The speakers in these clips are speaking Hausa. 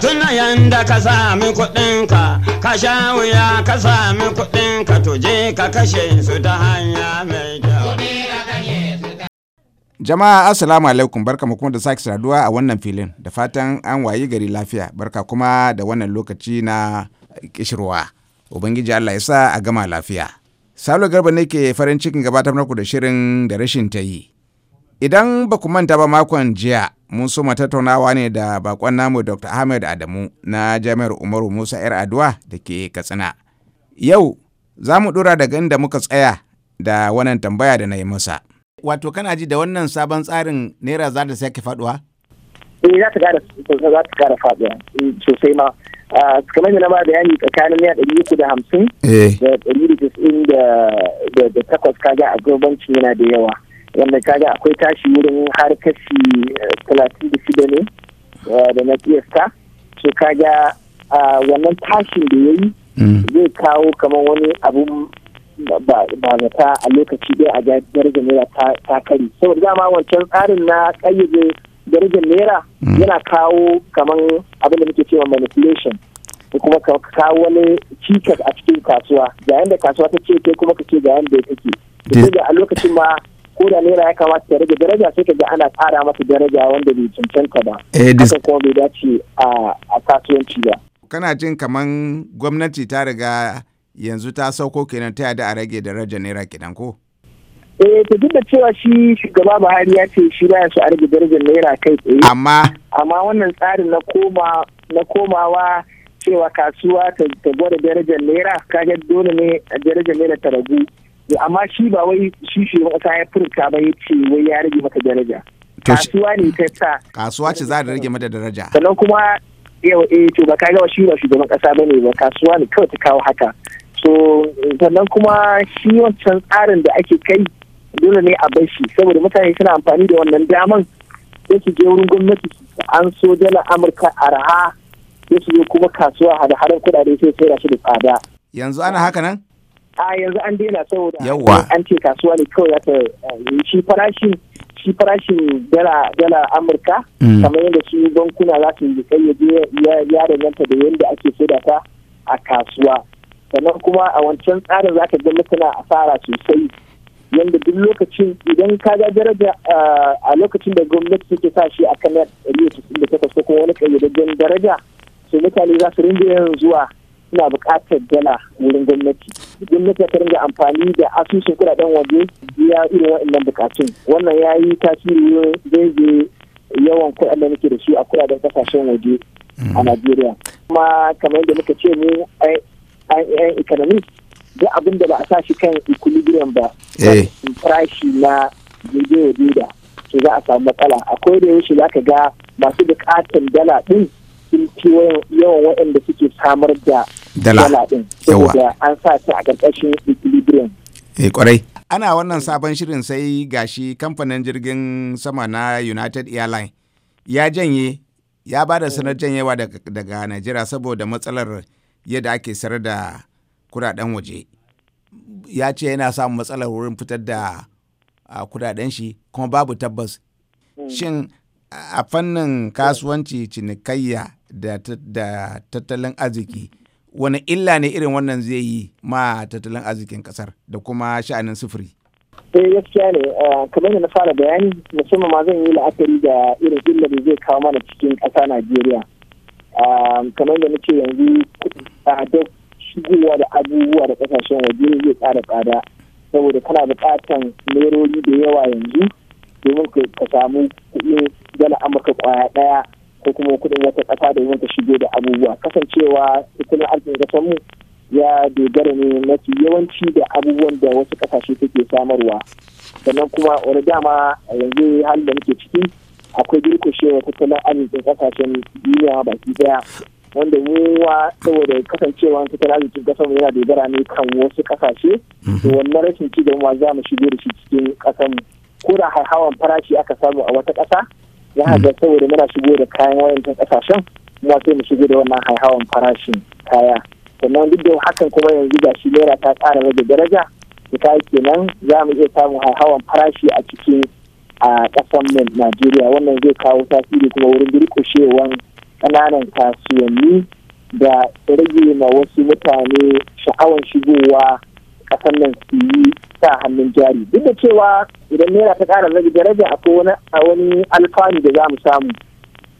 tuna yanda ka sami kuɗinka ka sha wuya ka sami kuɗinka to ka kashe su ta hanya mai Jama'a Assalamu alaikum barka mu kuma da sake saduwa a wannan filin da fatan an wayi gari lafiya barka kuma da wannan lokaci na kishirwa. Ubangiji Allah ya sa a gama lafiya. Salo Garba ne ke farin cikin gabatar muku da shirin da rashin ta yi. Idan ba ku manta ba makon jiya mun suma tattaunawa ne da bakon namu dr ahmed adamu na jami'ar umaru musa yar aduwa da ke katsina yau za mu dora daga inda muka tsaya da wannan tambaya da na yi masa wato kana ji da wannan sabon tsarin naira za ta sake faduwa eh za ta kara faduwa eh, sosai ma ah, kamar yana na bayani tsakanin naira ɗari uku da hamsin eh. da ɗari da da takwas kaga a gurbancin yana da yawa wanda kaga akwai tashi wurin har kashi eh, talatin da shida ne eh, da na kiyasta so kaga wannan tashin da ya yi mm. zai kawo kamar wani abun ba zata a lokaci ɗaya a darajar naira ta kari saboda dama wancan tsarin na ƙayyade darajar naira mm. yana kawo kamar abin da muke cewa manipulation kuma kawo wani cikas a cikin kasuwa yayin da kasuwa ta ce kai kuma ka ce ga yanda take da a lokacin ma ko da naira ya kamata ta rage daraja sai ka ga ana kara masa daraja wanda bai cancanta ba eh, haka kuma bai dace a kasuwanci ba kana jin kaman gwamnati ta riga yanzu ta sauko kenan ta yada a rage daraja naira kenan ko eh to duk da cewa shi shugaba Buhari ya ce shi baya so a rage darajar naira kai tsaye amma amma wannan tsarin na koma na komawa cewa kasuwa ta gwada darajar naira kaga dole ne darajar naira ta ragu Eh, amma shi ba wai shi shi wata ya furta ba ya ce wai ya rage mata daraja kasuwa ne ta sa kasuwa ce za ta rage mata daraja sannan kuma yau eh to ba kaga shi ba shugaban kasa ne ba kasuwa ne kawai ta kawo haka so sannan kuma shi wancan tsarin da ake kai dole ne a bar shi saboda mutane suna amfani da wannan daman sai su je wurin gwamnati an so dala amurka araha sai su je kuma kasuwa hada hadar kudade sai sai da shi da tsada yanzu ana haka nan a yanzu an daina saboda an ce kasuwa ne kawai ya eh, shi farashin shi farashin dala amurka mm. kamar yadda shi bankuna za su yi kayyade ya danganta da yadda ake saida ta a kasuwa sannan kuma a wancan tsarin za ka ga mutuna asara sosai yadda duk lokacin idan ka ga daraja eh, a lokacin da gwamnati take sa shi a kan ɗari da ko kuma wani kayyadajjen daraja su mutane za su rinda yin zuwa suna bukatar dala wurin gwamnati gwamnati ta ringa amfani da asusun kuɗaɗen waje biya irin waɗannan bukatun. wannan ya yi tasiri zai yawan kuɗaɗen da muke da su a kuɗaɗen kasashen waje a mm. Najeriya kuma kamar yadda muka ce mu ayan economic Da abin da ba a sa shi kan equilibrium ba eh. farashi na jirgin da su za a samu matsala akwai da yaushe za ka ga masu bukatan dala ɗin sun ci yawan waɗanda suke samar da dala yawa an sa shi a ƙarƙashin equilibrium eh kwarai ana wannan sabon shirin sai gashi kamfanin jirgin sama na United Airlines ya janye ya ba da sanar janyewa daga Najeriya saboda matsalar yadda ake sayar da kudaden waje ya ce yana samun matsalar wurin fitar da kudaden shi kuma babu tabbas hmm. shin a fannin kasuwanci cinikayya da tattalin arziki wani illa ne irin wannan zai yi ma tattalin arzikin kasar da kuma sha'anin sufuri eh gaskiya ne eh, kamar na fara bayani musamman ma zan yi la'akari da irin illa da zai kawo mana cikin ƙasa najeriya ah, kamar da nace yanzu da shigowa da abubuwa da ƙasashen waje zai ƙara tsada saboda kana buƙatan nerori da yawa yanzu domin ka samu kuɗin dala amurka ƙwaya ɗaya ko kuma kudin wata ƙasa da ta shige da abubuwa kasancewa tattalin arzikin gasar mu ya dogara ne mafi yawanci da abubuwan da wasu ƙasashe suke samarwa sannan kuma wani dama yanzu halin da muke ciki akwai wa tattalin arzikin kasashen duniya baki daya wanda wa saboda kasancewa tattalin arzikin kasar mu yana dogara ne kan wasu kasashe to mhm. wannan rashin ci gaba za mu shige da shi cikin kasar mu ko da farashi aka samu a wata ƙasa ya haɗa hmm. saboda muna shigo da kayan ta ƙasashen kuma sai mu shigo da wannan haihawan farashin kaya sannan duk da hakan kuma yanzu ga shi naira ta ƙara rage daraja ita kenan za mu iya samun haihawan farashi a cikin a ƙasar najeriya wannan zai kawo tasiri kuma wurin durƙushewan ƙananan kasuwanni da rage ma wasu mutane sha'awan shigowa a fannin su yi sa hannun jari duk da cewa idan naira ta ƙara rage daraja akwai wani alfanu da za mu samu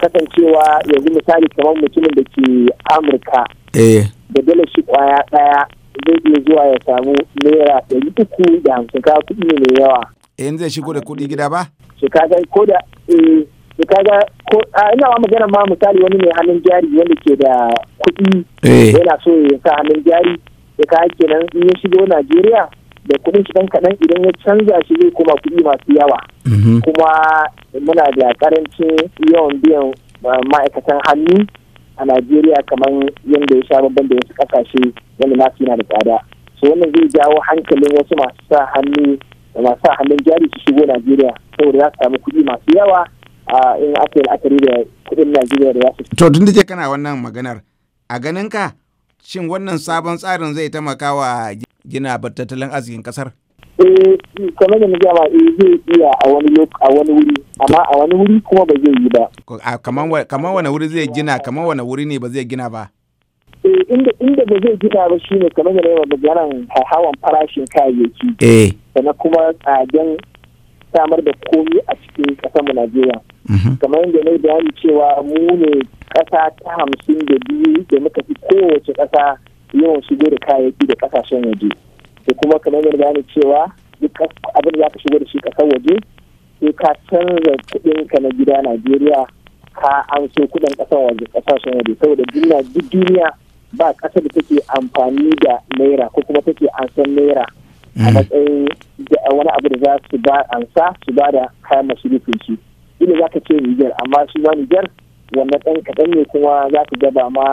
kasancewa yanzu misali kamar mutumin da ke amurka eh. da dala shi kwaya ɗaya zai iya zuwa ya samu naira ɗari uku da hamsin ka kuɗi ne mai yawa. yanzu eh, zai shigo da kuɗi gida ba? shekaga ko da shekaga eh, ko a ina ma magana ma misali wani mai hannun jari wanda ke da kuɗi yana so ya sa hannun jari Ka ake kenan in ya shigo Najeriya da kuɗin shi kaɗan idan ya canza shi zai koma kuɗi masu yawa. Mhm. Kuma muna da karancin yawan biyan ah, ma'aikatan hannu a Najeriya kamar yadda ya sha babban da wasu ƙasashe wanda nasu yana da tsada. So wannan zai jawo hankalin wasu masu sa hannu da masu sa hannun jari su shigo Najeriya saboda za su samu kuɗi masu yawa ah, in aka yi da kuɗin Najeriya da ya To tun da kana wannan maganar a ganin ka shin wannan sabon tsarin zai taimaka wa gina tattalin arzikin kasar eh, kamar da muke ba zai iya a wani a wani wuri amma a wani wuri kuma ba zai yi ba kamar wani wuri zai gina kamar wani wuri ne ba zai gina ba eh, inda ba zai gina ba shine kamar da yawa maganan hawan farashin kayayyaki eh. sannan kuma tsagen samar da komi a cikin ƙasar mu Najeriya. Mhm. Kamar yadda na bayani cewa mu ne ƙasa ta hamsin da biyu da muka fi kowace kasa yawan shigo da kayayyaki da ƙasashen waje. Da kuma kamar yadda bayani cewa duk abin da za ka shigo da shi ƙasar waje sai ka canza kuɗin ka na gida Najeriya ka an so kuɗin ƙasar waje ƙasashen waje saboda duniya duk duniya ba ƙasar da take amfani da naira ko kuma take an san naira a mm. matsayin wani abu da za su ba ansa su ba da kayan masarufin su ina za ka ce niger amma su ma niger wannan ɗan kaɗan ne kuma za ka gaba ma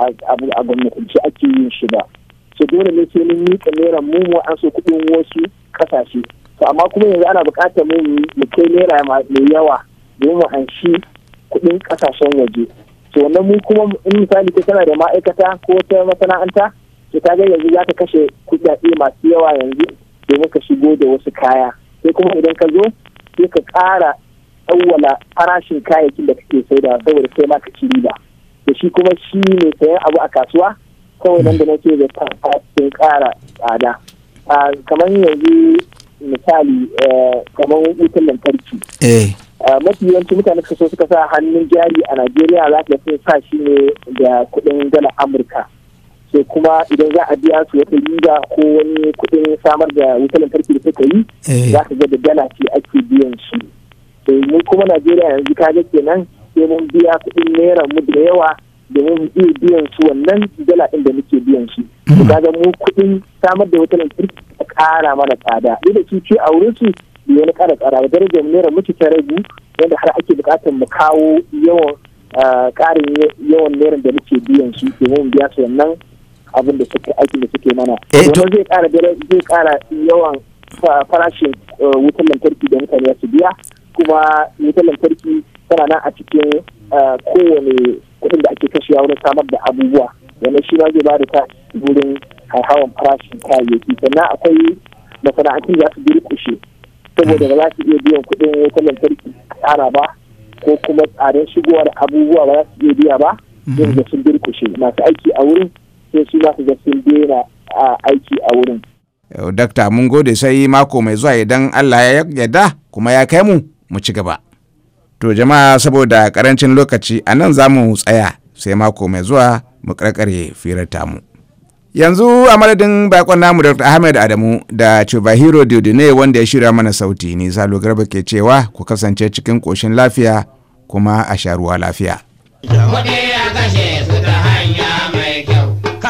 a gwamnatance ake yin shi ba su dole ne sai mun miƙa naira mu mu an so kuɗin wasu ƙasashe to amma kuma yanzu ana buƙatar mu mu kai naira mai yawa domin mu hanshi kuɗin ƙasashen waje to wannan mu kuma in misali ta tana da ma'aikata ko ta masana'anta to ka yanzu za ka kashe kuɗaɗe masu yawa yanzu domin ka shigo da wasu kaya sai kuma idan ka zo sai ka ƙara tsawwala farashin kayayyakin da kake da saboda sai ma ka ci riba da shi kuma shi ne sayan abu a kasuwa kawai nan da nake da sun kara tsada kamar yanzu misali eh, kamar wutan lantarki eh. mafi yawanci mutane suka so suka sa hannun jari a najeriya za ka sa shi ne da kuɗin dala amurka sai kuma idan za a biya su wata riga ko wani kuɗin samar da wutar lantarki da suka yi eh. za ka ga da dala ce ake biyan su to eh, mu kuma najeriya yanzu ka ga kenan sai mun biya kuɗin naira mu da yawa domin iya biyan su wannan dala ɗin da muke biyan su hmm. ka ga mu kuɗin samar da wutar lantarki a kara mana tsada duk da su ce a wurin su da wani ƙara tsada da darajar naira muke ta ragu yadda har ake buƙatar mu kawo yawan ah, ƙarin yawan naira da muke biyan su domin biya su wannan abin da suke aikin da suke mana eh, domin zai kara zai kara yawan farashin eh, wutan lantarki da mutane su biya kuma wutar lantarki tana nan a cikin eh, kowane kuɗin da ake kashewa wurin samar da abubuwa wannan shi ma zai ba da ta wurin haihawar farashin kayayyaki sannan akwai masana'antu za su durƙushe saboda ba za su iya biyan kuɗin wutar lantarki ƙara ba ko kuma tsarin shigowar abubuwa ba za su iya biya ba yanzu mm-hmm. sun durƙushe masu aiki a wurin sai su za su ga sun dera aiki a wurin. Dakta mun gode sai mako mai zuwa idan Allah ya yarda kuma ya kai mu mu ci gaba. To jama'a saboda karancin lokaci a nan za mu tsaya sai mako mai zuwa mu karkare firar tamu. Yanzu a madadin bakon namu Dr. Ahmed Adamu da Chubahiro Diodune wanda ya shirya mana sauti ni Salo Garba ke cewa ku kasance cikin ƙoshin lafiya kuma a sharuwa lafiya. Yeah.